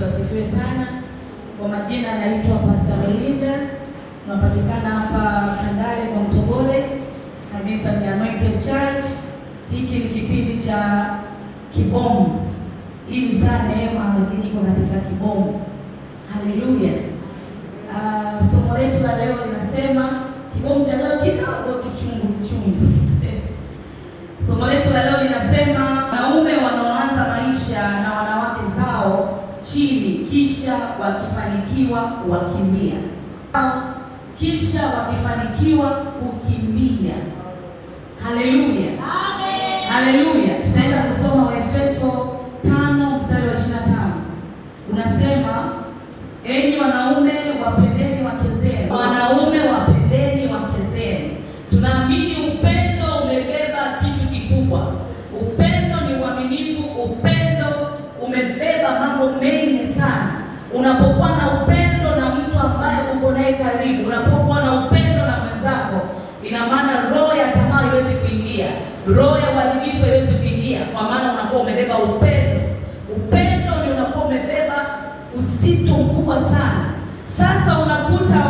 Yesu asifiwe sana. Kwa majina naitwa Pastor Melinda, tunapatikana hapa Tandale kwa Mtogole, kanisa ni Anointed Church. Hiki ni kipindi cha Kibomu, hii ni saa neema, lakini iko katika Kibomu. Haleluya! Uh, somo letu la leo linasema kibomu cha leo kidogo kichungu kichungu chini, kisha wakifanikiwa kuwakimbia, ah, kisha wakifanikiwa kukimbia. Haleluya, amen, haleluya. Tutaenda kusoma Waefeso tano mstari wa 25 unasema, enyi wanaume wapendeni wake zenu, wanaume wapendeni wake zenu. Tunaamini upendo umebeba kitu kikubwa, upendo kubeba mambo mengi sana. Unapokuwa na upendo na mtu ambaye uko naye karibu, unapokuwa na upendo na mwenzako, ina maana roho ya tamaa haiwezi kuingia, roho ya uharibifu haiwezi kuingia, kwa maana unakuwa umebeba upendo. Upendo ni unakuwa umebeba uzito mkubwa sana. Sasa unakuta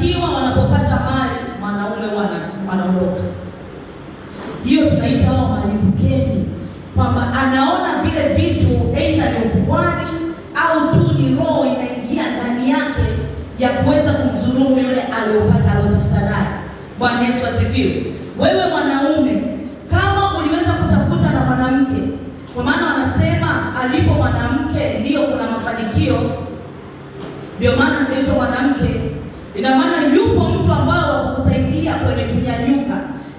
wanafanikiwa wanapopata mali, mwanaume wanaondoka. Hiyo tunaita hao malimkeni, kwamba anaona vile vitu aidha ni ukuani au tu ni roho inaingia ndani yake ya kuweza kumdhulumu yule aliyopata aliyotafuta naye. Bwana Yesu asifiwe. Wewe mwanaume kama uliweza kutafuta na mwanamke, kwa maana wanasema alipo mwanamke ndiyo kuna mafanikio, ndio maana ndio mwanamke Ina maana yupo mtu ambaye wakukusaidia kwenye kunyanyuka,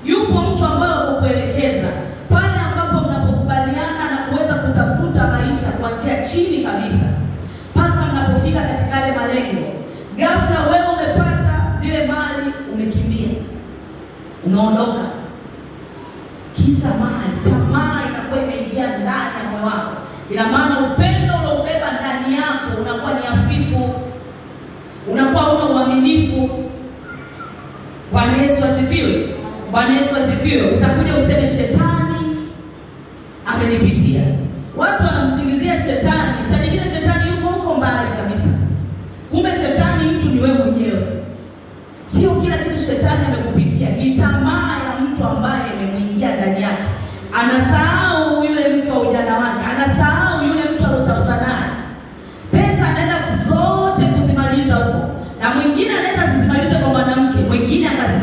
yupo mtu ambaye wakukuelekeza pale ambapo mnapokubaliana na kuweza kutafuta maisha kuanzia chini kabisa mpaka mnapofika katika yale malengo. Ghafla wewe umepata zile mali, umekimbia, unaondoka kisa mali, tamaa inakuwa imeingia ndani ya moyo wako, ina maana upendo Bwana Yesu asifiwe. Bwana Yesu asifiwe. Utakuja useme shetani amenipitia. Watu wanamsingizia shetani. Saa nyingine shetani yuko huko mbali kabisa, kumbe shetani mtu ni wewe mwenyewe. Sio kila kitu shetani amekupitia, ni tamaa ya mtu ambaye imemwingia ndani yake, anasahau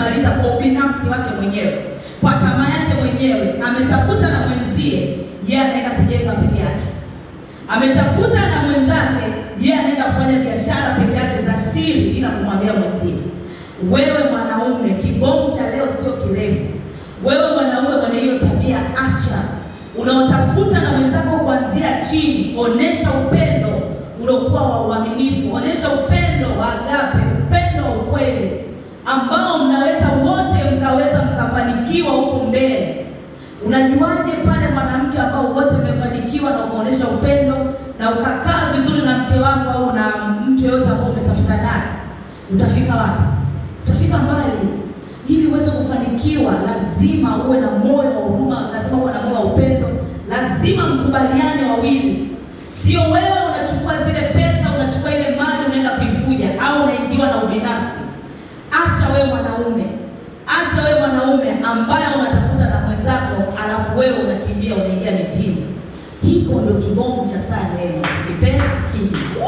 atamaliza kwa ubinafsi wake mwenyewe, kwa tamaa yake mwenyewe. Ametafuta na mwenzie, yeye anaenda kujenga peke yake. Ametafuta na mwenzake, yeye anaenda kufanya biashara peke yake za siri, bila kumwambia mwenzie. Wewe mwanaume, kibomu cha leo sio kirefu. Wewe mwanaume mwenye hiyo tabia, acha unaotafuta na mwenzako kuanzia chini. Onesha upendo uliokuwa wa uaminifu, onesha upendo wa agape, upendo wa ukweli ambao mnaweza wote mkaweza mkafanikiwa huko mbele. Unajuaje pale mwanamke ambao wote umefanikiwa na umeonyesha upendo na ukakaa vizuri na mke wako au na mtu yoyote ambao umetafuta naye? Utafika wapi? Utafika mbali. Ili uweze kufanikiwa, lazima uwe na moyo wa huruma, lazima uwe na moyo wa upendo, lazima mkubaliane wawili, sio wewe unachukua zile mwanaume, acha wewe mwanaume ambaye unatafuta na mwenzako, alafu wewe unakimbia unaingia mitini. Hiko ndio kibongo cha saa leo. Kipenda kingi.